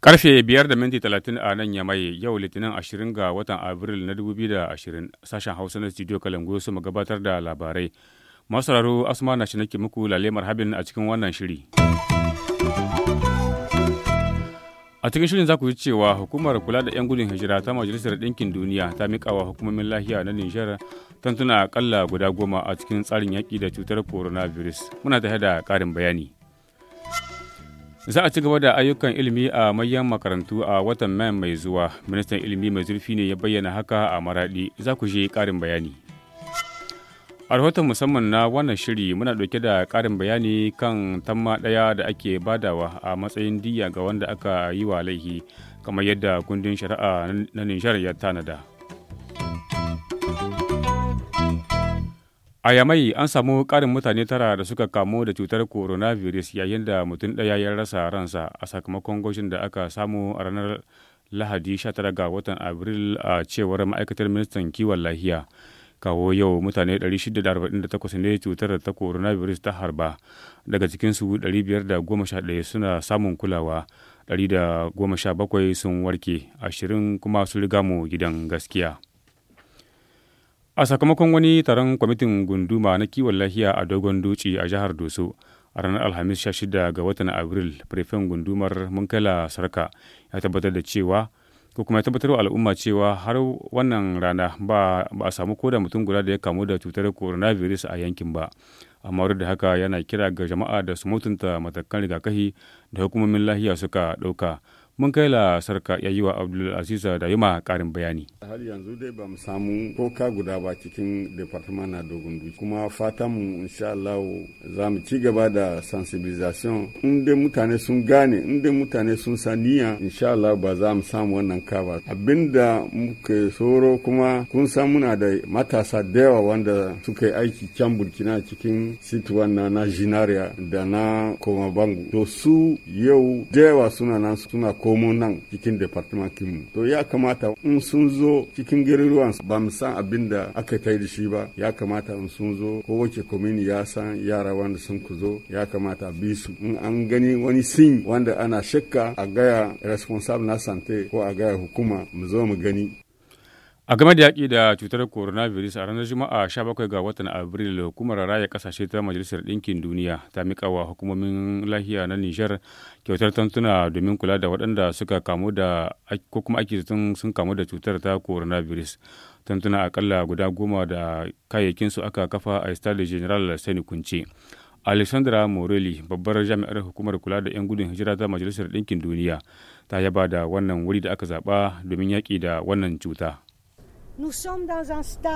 Karfe biyar da minti talatin a nan Yamai yau Litinin ashirin ga watan Abril na dubu biyu da ashirin sashen Hausa na studio Kalangu su gabatar da labarai. Masu Asma na shi nake muku lalemar habin a cikin wannan shiri. a cikin shirin za ku ji cewa hukumar kula da 'yan gudun hijira ta majalisar ɗinkin duniya ta miƙa wa hukumomin lafiya na nijar tantuna akalla guda goma a cikin tsarin yaƙi da cutar coronavirus muna tare da ƙarin bayani za a ci gaba da ayyukan ilimi a manyan makarantu a watan mai mai zuwa ministan ilimi mai zurfi ne ya bayyana haka a maraɗi za ku je ƙarin bayani a rahoton musamman na wannan shiri muna ɗauke da ƙarin bayani kan tamma ɗaya da ake badawa a matsayin diya ga wanda aka yi wa laihi kamar yadda kundin shari'a na nijar ya tanada a yamai an samu ƙarin mutane tara da suka kamu da cutar coronavirus yayin da mutum ɗaya ya rasa ransa a sakamakon goshin da aka samu a ranar lahadi 19 ga watan abril a cewar ma'aikatar ministan kiwon lahiya. kawo yau mutane 648 ne cutar da ta coronavirus ta harba daga cikinsu 511 suna samun kulawa 117 sun warke 20 kuma su riga mu gidan gaskiya a sakamakon wani taron kwamitin gunduma na kiwon lafiya a dogon doci a jihar doso a ranar alhamis 16 ga watan abril prefen gundumar munkala sarka ya tabbatar da cewa ko kuma ya tabbatar wa al'umma cewa har wannan rana ba a samu koda mutum guda da ya kamu da cutar coronavirus a yankin ba amma duk da haka yana kira ga jama'a da su mutunta matakan rigakafi da hukumomin lahiya suka ɗauka mun kai la sarka ya yi wa abdulaziza da yuma karin bayani har yanzu dai ba mu samu koka guda ba cikin departement na dogon duci kuma fatan mu insha Allah za mu ci gaba da sensibilisation inda mutane sun gane inda mutane sun saniya insha Allah ba za mu samu wannan ka ba abinda muke soro kuma kun san muna da matasa da yawa wanda suka yi aiki can burkina cikin situwan na na jinaria da na koma bangu to su yau da suna nan suna komo nan cikin department mu. to ya kamata in sun zo cikin garuruwan ba mu san abin da aka tai da shi ba ya kamata in sun zo ko wace komini ya san yara wanda sun ku zo ya kamata bi su in an gani wani sin wanda ana shakka a gaya responsable na sante ko a gaya hukuma mu zo mu gani A game da yaƙi da cutar coronavirus a ranar Juma'a 17 ga watan Abril hukumar raya ƙasashe ta Majalisar Ɗinkin Duniya ta miƙa wa hukumomin lahiya na Nijar kyautar tantuna domin kula da waɗanda suka kamu da ko kuma ake zaton sun kamu da cutar ta coronavirus. Tantuna akalla guda goma da kayayyakin su aka kafa a Stade General Sani Kunce. Alexandra Morelli babbar jami'ar hukumar kula da 'yan gudun hijira ta Majalisar Ɗinkin Duniya ta yaba da wannan wuri da aka zaɓa domin yaƙi da wannan cuta.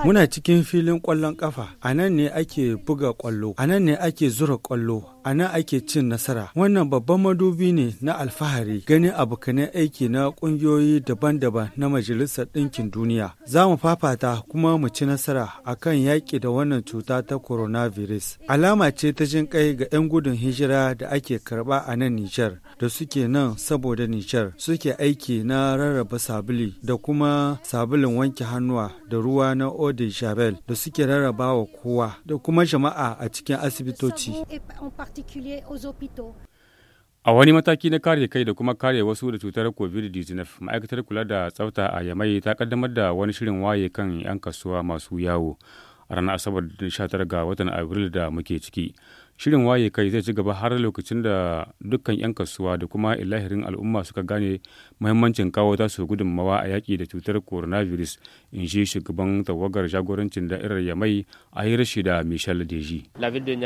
Muna cikin filin ƙwallon ƙafa, a nan ne ake buga ƙwallo, a nan ne ake zura ƙwallo, a nan ake cin nasara. Wannan babban madubi ne na alfahari ganin abokanen aiki na ƙungiyoyi daban-daban na Majalisar Ɗinkin Duniya. Za mu fafata kuma mu ci nasara a kan yaƙi da wannan cuta ta coronavirus. Alama ce ta jin ƙai ga 'yan gudun hijira da ake karɓa a nan Nijar da suke nan saboda Nijar suke aiki na rarraba sabili da kuma sabulin wanke hannuwa da ruwa na odi de da suke rarrabawa kowa da kuma jama'a a cikin asibitoci. A wani mataki na kare kai da kuma kare wasu da cutar COVID-19, ma'aikatar kula da tsafta a Yamai ta kaddamar da wani shirin waye kan 'yan kasuwa masu yawo a ranar Asabar 19 ga watan Abril da muke ciki. Shirin waye kai zai ci gaba har lokacin da dukkan 'yan kasuwa da kuma ilahirin al'umma suka gane muhimmancin kawo su gudunmawa a yaƙi da cutar coronavirus, in ji shugaban tawagar jagorancin da'irar Yamai a rashi da Michel Deji. Birnin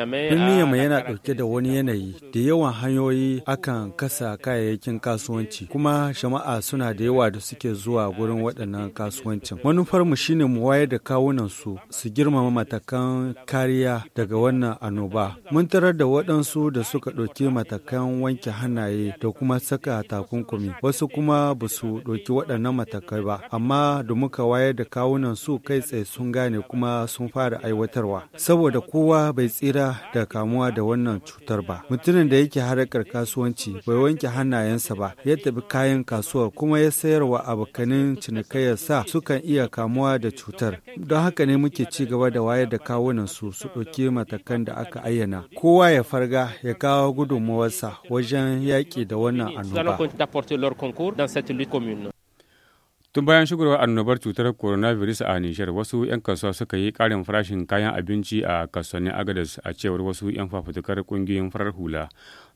Yamai yana ɗauke da wani yanayi da yawan hanyoyi akan kasa kayayyakin kasuwanci kuma jama'a suna da yawa da suke zuwa gurin waɗannan kasuwancin. Manufarmu shine mu wayar da kawunan su su girmama matakan kariya daga wannan annoba. Mun tarar da waɗansu da suka ɗauki matakan wanke hannaye da kuma saka takunkumi, wasu kuma ba su ɗauki waɗannan matakai ba, amma da muka wayar da kawunan su kai tsaye sun gane kuma sun fara aiwatarwa. Saboda kowa bai tsira da kamuwa da wannan cutar ba. Mutumin da yake harkar kasuwanci bai wanke hannayensa ba, ya tafi kayan kasuwar kuma ya sayarwa abokanin cinikayyarsa sukan iya kamuwa da cutar. Don haka ne muke ci gaba da wayar da kawunan su su ɗauki matakan da aka ayyana kowa ya farga ya kawo gudunmawarsa wajen yaƙi da wannan annoba. Tun bayan shigarwar annobar cutar coronavirus a Nishar, wasu 'yan kasuwa suka yi ƙarin farashin kayan abinci a kasuwannin Agadez a cewar wasu 'yan fafutukar ƙungiyoyin farar hula.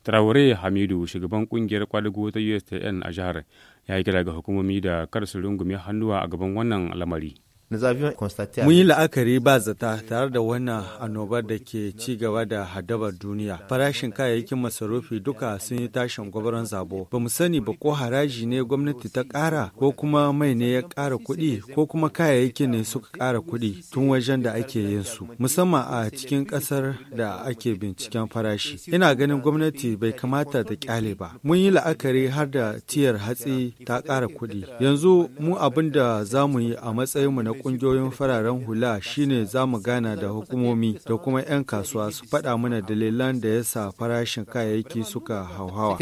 Traore Hamidu, shugaban ƙungiyar kwadago ta USTN a jihar, ya yi kira ga hukumomi da kar su rungume hannuwa a gaban wannan lamari. Mun yi la'akari ba zata tare da wannan annobar da ke ci gaba da hadabar duniya. Farashin kayayyakin masarufi duka sun yi tashin gwabaran zabo. Ba mu sani ba ko haraji ne gwamnati ta ƙara ko kuma mai ne ya ƙara kuɗi ko kuma kayayyakin ne suka ƙara kuɗi tun wajen da ake yin su. Musamman a cikin ƙasar da ake binciken farashi. Ina ganin gwamnati bai kamata ta ƙyale ba. Mun yi la'akari har da tiyar hatsi ta ƙara kuɗi. Yanzu mu abin da za mu yi a matsayinmu na kungiyoyin fararen hula shine za mu gana da hukumomi da kuma 'yan kasuwa su faɗa mana dalilan da ya sa farashin kayayyaki suka hauhawa.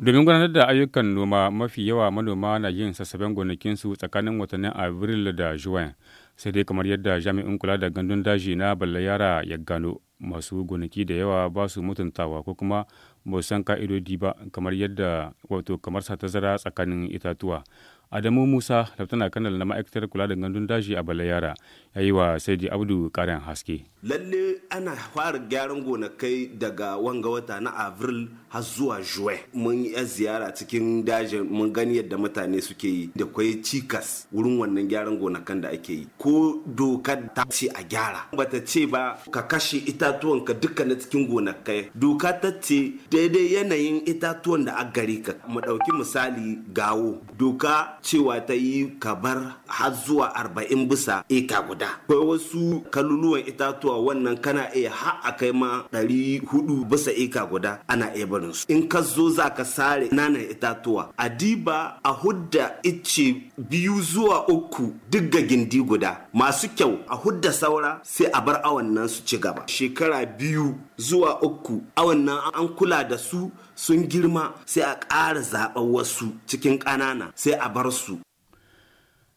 domin gudanar da ayyukan noma mafi yawa manoma na yin sassaben gonakinsu tsakanin watannin abril da Juwan, sai dai kamar yadda jami'in kula da gandun daji na balayara ya gano masu gonaki da yawa ba su mutuntawa ko kuma ba san ka'idodi ba kamar yadda wato kamar sa tazara tsakanin itatuwa Adamu Musa, Laftana Kanal na ma'aikatar kula da gandun daji a Balayara, ya yi wa Saidi Abdu ƙarin haske. Lalle ana fara gyaran gonakai daga wanga wata na Avril har zuwa Juwe. Mun yi ziyara cikin daji mun gani yadda mutane suke yi da kwai cikas wurin wannan gyaran gonakan da ake yi. Ko dokar ta ce a gyara. Bata ce ba ka kashe itatuwan ka duka na cikin gonakai. Doka ta ce daidai yanayin itatuwan da a gari ka. Mu ɗauki misali gawo. Doka cewa ta yi kabar har zuwa arba'in bisa eka guda kwai wasu kaluluwan itatuwa wannan kana iya har a kai ma ɗari hudu bisa eka guda ana iya barin su in ka zo za ka sare nanan itatuwa a diba a hudda icce biyu zuwa uku duk ga gindi guda masu kyau a hudda saura sai a bar awan su ci gaba shekara biyu zuwa uku a wannan an kula da su sun girma sai a ƙara zaɓar wasu cikin ƙanana sai a bar su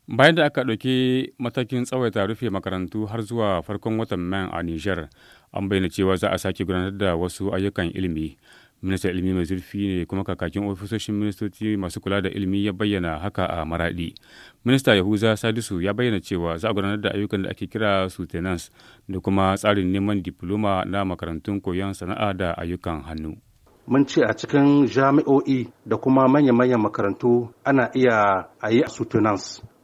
bayan da aka ɗauki matakin tsawaita rufe makarantu har zuwa farkon watan man a niger an bayyana cewa za a sake gudanar da wasu ayyukan ilimi ministan ilimi mai zurfi ne kuma kakakin ofisoshin ministoci masu kula da ilimi ya bayyana haka a maradi minista yahuza sadisu ya bayyana cewa za a gudanar da ayyukan da ake kira sutenance da kuma tsarin neman diploma na makarantun koyon sana'a da ayyukan hannu mun ce a cikin jami'o'i da kuma manya-manyan makarantu ana iya a yi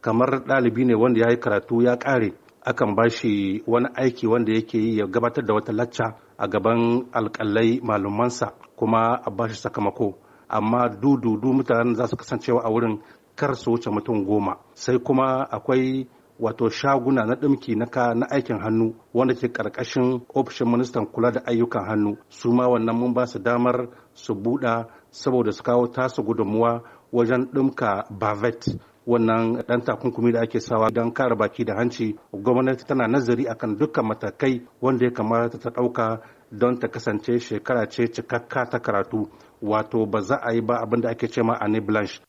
kamar ɗalibi ne wanda ya yi karatu ya ƙare akan ba shi wani aiki wanda yake yi ya gabatar da wata lacca a gaban alkalai malumansa kuma a bashi sakamako amma dududu mutanen za su kasancewa a wurin kar su wuce mutum goma sai kuma akwai wato shaguna na ɗimki na ka na aikin hannu wanda ke ƙarƙashin ofishin ministan kula da ayyukan hannu su ma wannan mun ba su damar su buɗa saboda su kawo tasu gudunmuwa wajen ɗimka bavet wannan dan takunkumi da ake sawa don kare baki da hanci gwamnati tana nazari akan dukkan matakai wanda ya kamata ta ɗauka don ta kasance shekara ce cikakka ta karatu wato ba za a yi ba abin da ake cema a blanche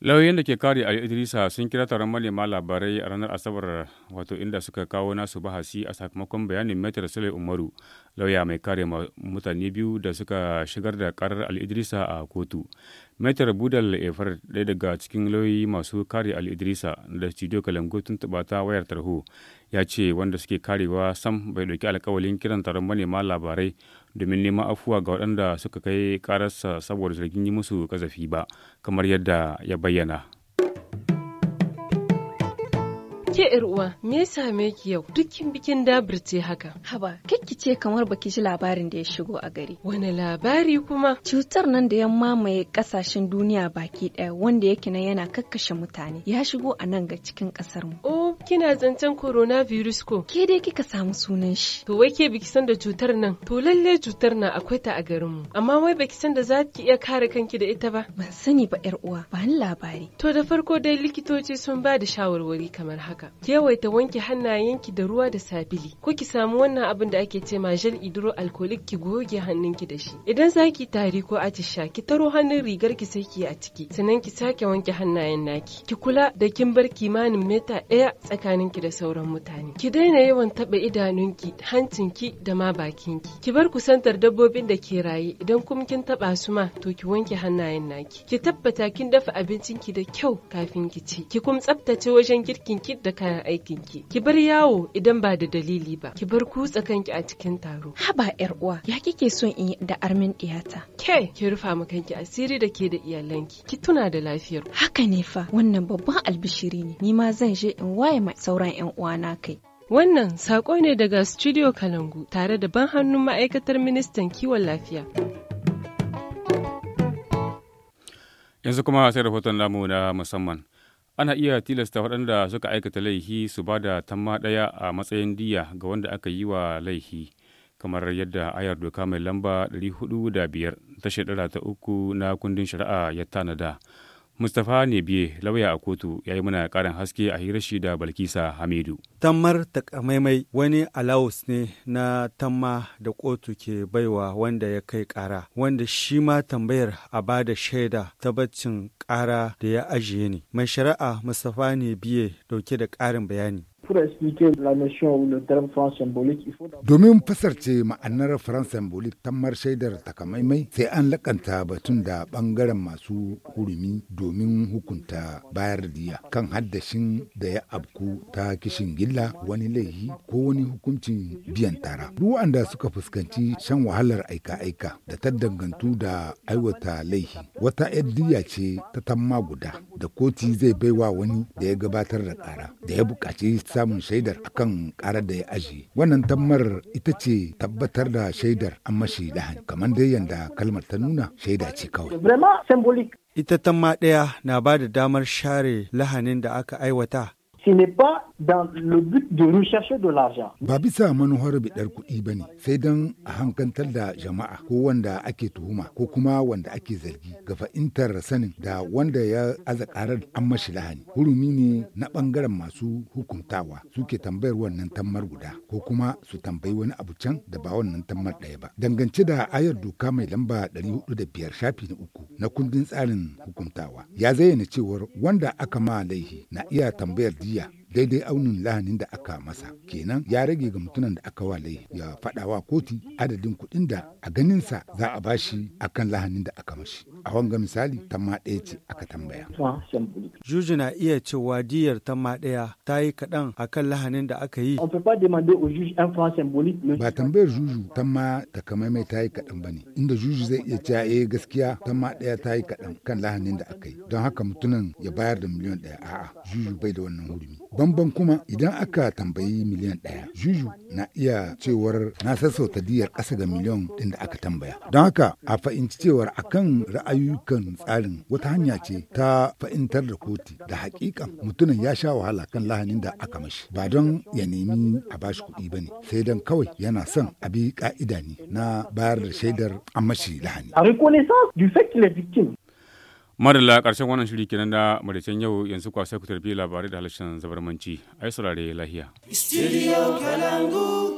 lauyoyin da ke kare ali idrisa sun kira taron manema labarai a ranar asabar wato inda suka kawo nasu bahasi a sakamakon bayanin metar sule umaru lauya mai kare mutane biyu da suka shigar da karar ali idrisa a kotu metar budal efar ɗaya daga cikin lauyoyi masu kare ali idrisa da studio kalango tun wayar tarho ya ce wanda suke karewa sam bai ɗauki alkawalin kiran taron manema labarai domin neman afuwa ga waɗanda suka kai ƙararsa saboda zargin yi musu ƙazafi ba kamar yadda ya bayyana. ke yar uwa me ya same ki yau dukkin bikin dabir ce haka haba kikki ce kamar baki ji labarin da ya shigo a gari wani labari kuma cutar nan da ya mamaye kasashen duniya baki daya wanda yake nan yana kakkashe mutane ya shigo a nan ga cikin kasar mu oh, kina zancen coronavirus ko? Ke dai kika samu sunan shi. To wai ke biki san da cutar nan? To lalle cutar nan akwai ta a garin mu Amma wai baki san da zaki iya kare kanki da ita ba? Ban sani ba yar uwa, ba ni labari. To da farko dai likitoci sun ba da shawarwari kamar haka. Ki yawaita wanke hannayenki da ruwa da sabili. Ko ki samu wannan abin da ake ce ma gel hydroalcoholic ki goge hannunki da shi. Idan zaki ki tari ko atisha, ki taro hannun rigar ki sai ki a ciki. Sannan ki sake wanke hannayen naki. Ki kula da kin bar kimanin mita ɗaya tsakaninki da sauran mutane ki daina yawan taɓa idanunki hancinki da ma bakinki ki bar kusantar dabbobin da ke raye idan kuma kin taɓa su ma to ki wanke hannayen naki ki tabbata kin dafa abincinki da kyau kafin ki ci ki kuma tsaftace wajen girkinki da kayan aikinki ki bar yawo idan ba da dalili ba ki bar kutsa kanki a cikin taro haba yar uwa ya kike son in da armin diyata ke ki rufa ma kanki asiri da ke da iyalanki ki tuna da lafiyar haka ne fa wannan babban albishiri ne ni ma zan je in waye mai sauran 'yan uwana kai. Wannan saƙo ne daga Studio Kalangu tare da ban hannun ma'aikatar ministan kiwon lafiya. Yanzu kuma sai rahoton namu na musamman. Ana iya tilasta waɗanda suka aikata laihi su ba da tamma ɗaya a matsayin diya ga wanda aka yi wa laihi. kamar yadda ayar doka mai lamba 405 ta shekara ta uku na kundin shari'a ya tanada. Mustapha Nebiye lauya a kotu ya yi muna karin haske a hirar shi da Balkisa Hamidu. Tammar takamaimai wani alawus ne na tamma da kotu ke baiwa wanda ya kai kara wanda shi ma tambayar a ba da shaida ta baccin kara da ya ajiye ne. Mai shari'a Mustapha Nebiye dauke da karin bayani. Domin fasarce ma'anar France ta mar shaidar takamaimai sai an lakanta batun da bangaren masu hurumi domin hukunta bayar diya kan haddashin da ya abku ta kishin gilla wani laihi ko wani hukuncin biyan tara. Duk wanda suka fuskanci shan wahalar aika-aika da ta dangantu da aiwata laihi wata yadda ce ta tamma guda da koti zai baiwa wani da ya gabatar da kara da ya bukaci samun shaidar akan karar da ya aji wannan tammar ita ce tabbatar da shaidar an mashi lahani kamar dai yanda kalmar ta nuna shaida ce kawai ita tamma ɗaya na ba da damar share lahanin da aka aiwata ce n'est pas dans le but de rechercher de l'argent. Ba bisa manuhar bidar kuɗi ba ne, sai dan a hankantar da jama'a ko wanda ake tuhuma ko kuma wanda ake zargi ga fa'intar sanin da wanda ya aza karar an mashi lahani. Hurumi ne na ɓangaren masu hukuntawa suke tambayar wannan tammar guda ko kuma su tambayi wani abu can da ba wannan tammar ɗaya ba. Dangance da ayar doka mai lamba 405 shafi na uku na kundin tsarin hukuntawa ya zayyana cewar wanda aka ma laihi na iya tambayar día daidai aunin lahanin da aka masa kenan ya rage ga mutunan da aka walai ya fada wa koti adadin kuɗin da a ganinsa za a bashi akan lahanin da aka mashi a wanga misali tamma ɗaya ce aka tambaya. Juju na iya cewa diyar tamma ɗaya ta yi kaɗan akan lahanin da aka yi. Ba tambayar juju tamma takamaimai ta yi kaɗan ba ne inda juju zai iya cewa eh gaskiya tamma ɗaya ta yi kaɗan kan lahanin da aka yi don haka mutunan ya bayar da miliyan ɗaya a'a juju bai da wannan hurumi. Bamban kuma idan aka tambayi miliyan ɗaya, juju na iya cewar na sassauta diyar ƙasa ga miliyan ɗin da aka tambaya. Don haka a fahimci cewar akan ra'ayukan tsarin wata hanya ce ta fahimtar da kotu da hakika mutumin ya sha wahala kan lahanin da aka mashi ba don ya nemi a bashi kuɗi ba ne sai don kawai yana son a bi ka'ida ne na bayar da shaidar an mashi lahani. A reconnaissance du fait madalla ƙarshen wannan shiri kenan da maraicen yau yanzu kwasa ku tarbi labarai da halashen zabarmanci ai saurare lahiya studio kalangu